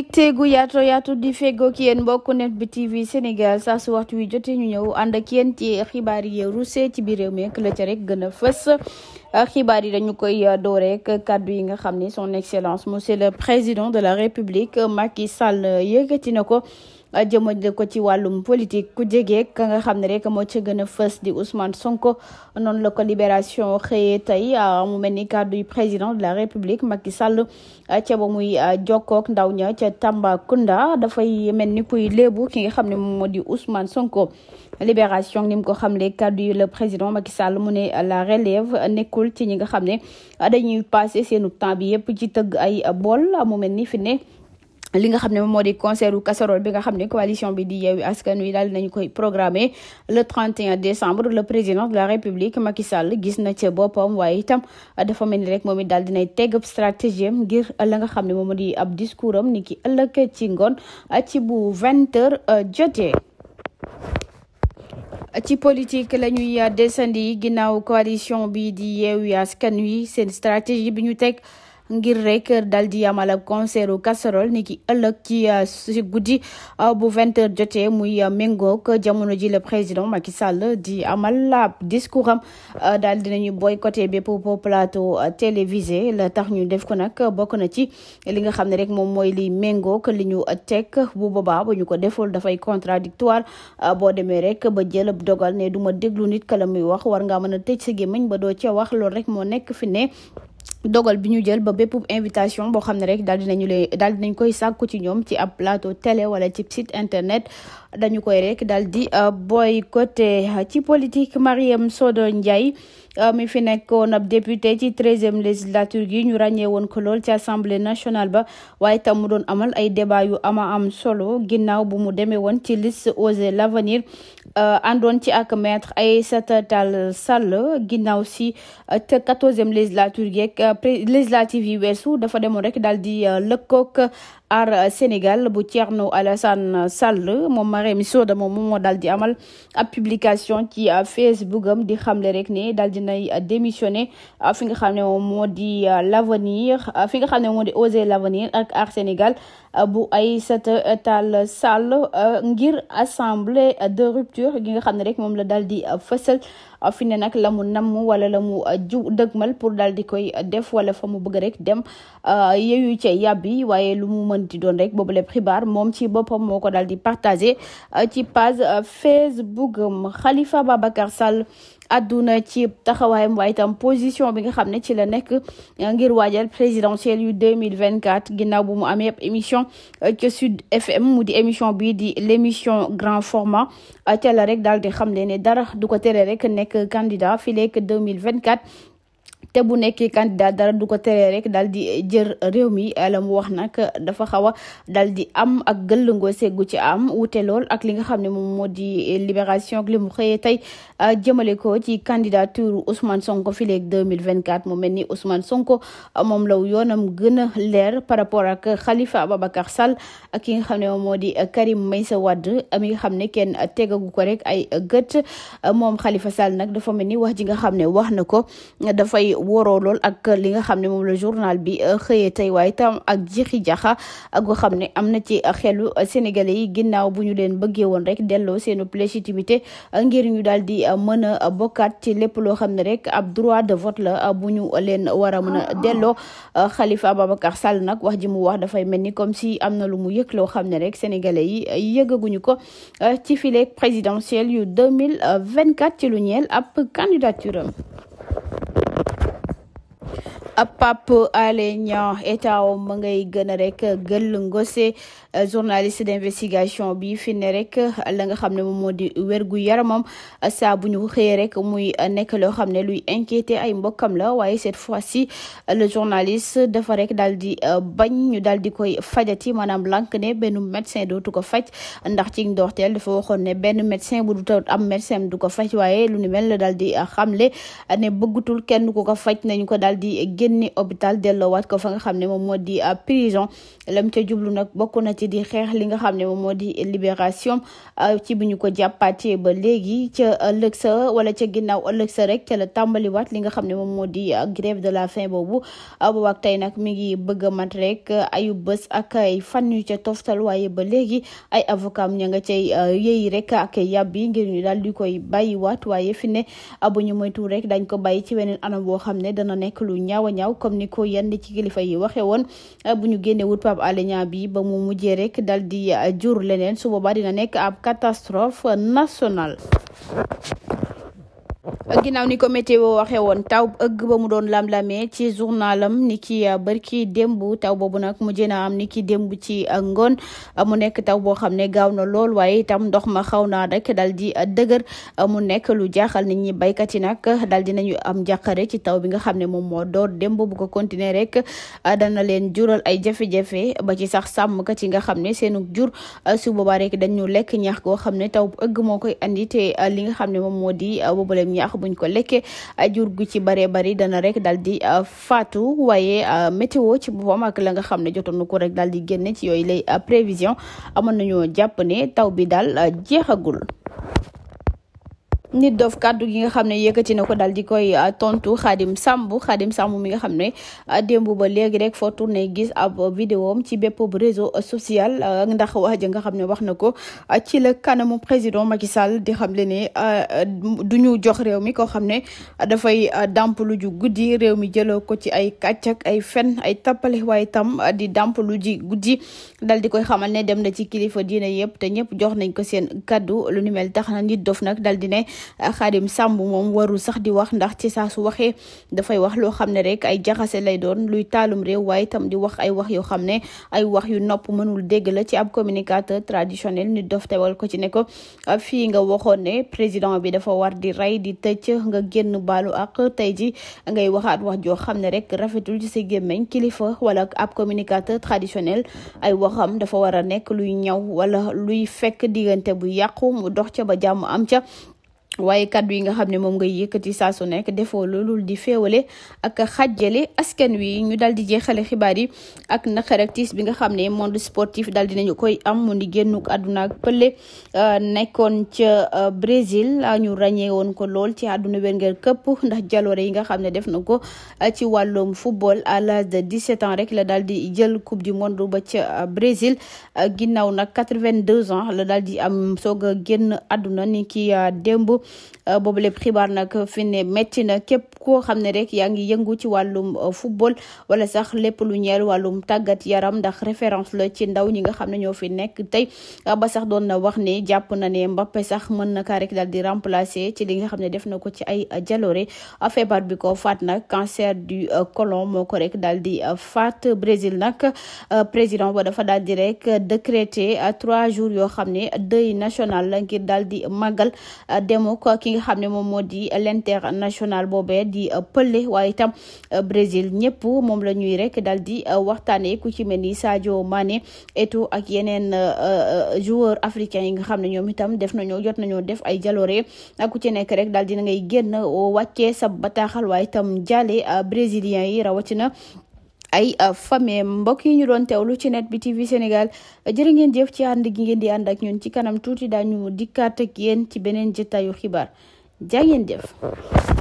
mbégte gu yaato yaatu di feggoo ki yéen mbokk net bi TV Sénégal saa waxtu wi jote ñu ñëw ànd ak yéen ci xibaar yi ruusee ci bi réew mi ak la ca gën a fës xibaar yi dañu koy door rek kàddu yi nga xam ni son excellence monsieur le président de la république Macky Sall yëkkati na ko. Euh, jëmale ko ci wàllum politique ku jege ka nga xam ne rek moo ci gën a fës di Ousmane Sonko noonu la ko libération xëyee tey euh, mu mel ni kàddu yu président de la république Macky Sall euh, ca ba muy jokook ndaw ña ca Tambacounda dafay mel ni kuy léebu ki nga xam ne moo di Ousmane Sonko libération ni mu ko xamle kàddu yi le président Macky Sall mu ne la relève nekkul ci ñi nga xam ne dañuy passé seenu temps bi yëpp ci tëgg ay bool mu mel ni fi ne. li nga xam ne moom moo di concert u bi nga xam ne coalition bi di yeewi askan wi daal nañu koy programmer le 31 décembre le président de la république Macky Sall gis na ci boppam waaye tam dafa mel ni rek moom it daal dinay teg ab stratégie ngir la nga xam ne moom di ab discours am ni ki ëllëg ci ngoon ci bu 20 heures euh, jotee. ci politique la ñuy euh, desandi ginnaaw coalition bi di yeewi askan wi seen stratégie bi ñu teg. ngir rek dal di amal ab concert casserole ni ki ëllëg ci euh, si guddi euh, bu vingt jotee muy euh, méngoog jamono ji le président Macky Sall di amal ab discours am daal dinañu boycotté bépp plateau télévisé la tax ñu def ko nag bokk na ci li nga xam ne rek moom mooy li méngoog li ñu teg bu boobaa bu ñu ko deful dafay contradictoire boo demee rek ba jël dogal ne du ma déglu nit kala muy wax war ngaa mën a tëj sa gémmiñ ba doo ca wax loolu rek moo nekk fi ne dogal bi ñu jël ba bépp invitation boo xam ne rek daal dinañu leen daal dinañ koy sàkku ci ñoom ci ab plateau télé wala ci site internet dañu koy rek daal di euh, boycotté euh, ci politique Mariam Sodo Ndiaye Euh, mi fi nekkoon ab député ci treizième législature gi ñu ràññee woon ko lool ci assemblée nationale ba waaye tam mu doon amal ay débat yu ama am solo ginnaaw bu mu demee woon ci liste Osez l'avenir euh, àndoon ci ak maître Aïssata Tall Sall ginnaaw si euh, te quatorzième législature gi ak législative yi weesu dafa demoon rek daal di lëkkook aar Sénégal bu Thierno Alassane salle moom Marème Soda moom moo daal di amal ab publication ci euh, Facebook am di xamle rek ne daal di nay démissionné euh, fi nga xam ne moom moo di euh, l'avenir fi nga xam ne moo di oser l'avenir ak aar Sénégal. bu sat tal Sall euh, ngir assemblée de rupture gi nga xam ne rek moom la daal di fësal fi ne nag la mu namm wala la mu ju dëgmal pour daal di koy def wala fa mu bëgg rek dem euh, yeeyu ca yàbbi waaye lu mu di doon rek boobu lépp xibaar moom ci boppam moo ko daal di partagé euh, ci page Facebook Khalifa Babacar Sall. àdduna ci taxawaayam waaye itam position bi nga xam ne ci la nekk euh, ngir waajal présidentielle yu deux mille 2024 ginnaaw bu mu amee émission euh, ca Sud FM mu di émission bii di l'émission grand format euh, ca la rek daal di xam ne ne dara du ko tere rek nekk candidat fii léegi 2024 te bu nekkee candidat dara du ko teree rek daal di jër réew mi la mu wax nag dafa xaw a daal di am ak gëllëngoo seggu ci am wute lool ak li nga xam ne moom moo di libération ak li mu xëyee tey a jëmale ko ci candidature Ousmane Sonko fileeg 2024 mu mel ni Ousmane Sonko moom law yoonam gën a leer par rapport ak Khalifa Ababacar Sall ak ki nga xam ne moom moo di Karim Meïssa Wade mi nga xam ne kenn tegagu ko rek ay gët moom Khalifa Sall nag dafa mel ni wax ji nga xam ne wax na ko dafay woroo lool ak li nga xam ne moom la journal bi xëyee tey waaye tam ak jixi jaxa ak nga xam ne am na ci xelu sénégalais yi ginnaaw bu ñu leen bëggee woon rek delloo seen légitimité ngir mën a bokkaat ci lépp loo xam ne rek ab droit de vote la bu ñu leen war a mën a delloo Khalifa Ababacar Sall nag wax ji mu wax dafay mel ni comme si am na lu mu yëg loo xam ne rek sénégalais yi yëgaguñu ko ci fileeg présidentielle yu 2024 ci lu ñeel ab candidature am Pape Alé Niang état ma ngay gën a rek gël ngose journaliste d'investigation bi fi ne rek la nga xam ne moom moo di wérgu yaramam saa bu ñu xëyee rek muy nekk loo xam ne luy inquiété ay mbokkam la waaye cette fois si le journaliste defa rek daal di euh, bañ ñu daal di koy fajati maanaam lank ne benn médecin dootu ko faj ndax ci ndoorteel dafa waxoon ne benn médecin bu du am médecin du ko faj waaye lu ni mel la daal di xamle ne bëggutul kenn ku ko génne hôpital delloowaat ko fa nga xam ne moom moo di euh, prison lam ca jublu nag bokk ci di xeex li nga xam ne moom moo di libération euh, ci bi ñu ko jàppaatee ba léegi ca ëllëg sa wala ca ginnaaw ëllëg sa rek ca la waat li nga xam ne moom moo di euh, grève de la faim boobu boobaag tey nag mi ngi bëgg a mat rek ayu bés ak fan yu ca toftal waaye ba léegi ay avocat am ña nga cay yéey rek ak yàbbi ngir ñu daal di koy bàyyiwaat waaye fi ne bu ñu moytu rek dañ ko ñaaw comme ni ko yenn ci kilifa yi waxe woon ah, bu ñu génne wut Pape Alé bi ba mu mujjee rek dal di ah, jur leneen su boobaa dina nekk ab catastrophe nationale ginnaaw ni ko météo waxee woon taw ëgg ba mu doon lam-lamee ci journalam ni ki euh, bërki démb taw boobu nag mujj na am ni ki démb ci euh, ngoon euh, mu nekk taw boo xam ne gaaw na lool waaye itam ndox ma xaw naa rek dal di dëgër mu nekk lu jaxal nit ñi béykat yi nag dal di nañu am jàqare ci taw bi nga xam ne moom moo door démb bu ko continuer rek dana leen jural ay jafe-jafe ba ci sax sàmmkat yi nga xam ne seenu jur su boobaa rek dañu lekk ñax goo xam ne taw ëgg moo koy andi li nga xam ne moom moo di boobuleem ñax buñ ko lekkee jur gu ci baree bari dana rek dal di faatu waaye météo ci boppam ak la nga xam ne jotoon na ko rek daal di génne ci yooyu lay prévision amoon nañoo jàpp ne taw bi daal jeexagul. nit dof kàddu gi nga xam ne yëkkati na ko daal di koy euh, tontu Khadim Samb Khadim sàmb mi nga xam ne euh, démb ba léegi rek foo tourné gis ab vidéo am ci bépp réseau social euh, ndax wax ja nga xam ne wax na ko ci la kanamu président Macky Sall di xam le ne du ñu jox réew mi koo xam ne dafay dàmp lu ju guddi réew mi jëloo ko ci ay kàcc ay fen ay tappale waaye tam di dàmp lu ji guddi dal di koy xamal ne dem na ci kilifa diine yëpp te ñëpp jox nañ ko seen kàddu lu ni tax na nit dof nag dal di ne Khadim sàmb moom warul sax di wax ndax ci saa su waxee dafay wax loo xam ne rek ay jaxasee lay doon luy taalum réew waaye itam di wax ay wax yoo xam ne ay wax yu nopp mënul dégg la ci ab communicateur traditionnel ni dof wal ko ci ne ko fii nga waxoon ne président bi dafa war di rey di tëcc nga génn baalu ak tey ji ngay waxaat wax joo xam ne rek rafetul ci sa gémmiñ kilifa wala ab communicateur traditionnel ay waxam dafa war a nekk luy ñaw wala luy fekk diggante bu yàqu mu dox ca ba jàmm am ca waaye kàddu yi nga xam ne moom nga yëkkati saa su nekk defoo loolu di féewale ak xàjjale askan wi ñu daal di jeexale xibaar yi ak naqar ak tiis bi nga xam ne monde sportif daal dinañu koy am mu di génnuk àdduna ak Pelé euh, nekkoon ca euh, Brésil ñu ràññee woon ko lool ci àdduna wérngel këpp ndax jaloore yi nga xam ne def na ko euh, ci wàllum football à l'âge de 17 ans rek la dal di jël coupe du monde ba ca Brésil ginnaaw nag 82 ans la daal di am soog a génn ni ki démb Euh, boobu lépp xibaar nag fi ne métti na képp koo xam ne rek yaa ngi yëngu ci wàllum euh, football wala sax lépp lu ñeel wàllum tàggat yaram ndax référence la ci ndaw ñi nga xam ne ñoo fi nekk tey euh, ba sax doon na wax ne jàpp na ne Mbappé sax mën na kaa rek daal di remplacer ci li nga xam ne def na ko ci ay jaloore feebar bi ko faat nag cancer du colon moo ko rek daal di faat Brésil nag président ba dafa daal di rek décréter trois jours yoo xam ne deuil national la ngir daal di màggal demo mook ki nga xam ne moom moo di l'international boobee di euh, Pelé waaye itam euh, Brésil ñëpp moom la ñuy rek dal di euh, waxtaanee ku ci mel ni Sadio maane Eto'o ak yeneen joueur africain yi nga xam ne ñoom itam def nañoo jot nañoo def ay jaloore ku ci nekk rek daal di na ngay génn wàccee sa bataaxal waaye itam jaale brésilien yi rawatina. ay a euh, famille mbokk yi ñu doon teewlu ci net bi TV Sénégal jërë ngeen jëf ci ànd gi ngeen di ànd ak ñun ci kanam tuuti daañu dikkaat ak yéen ci beneen jotaayu xibaar jaa ngeen jëf.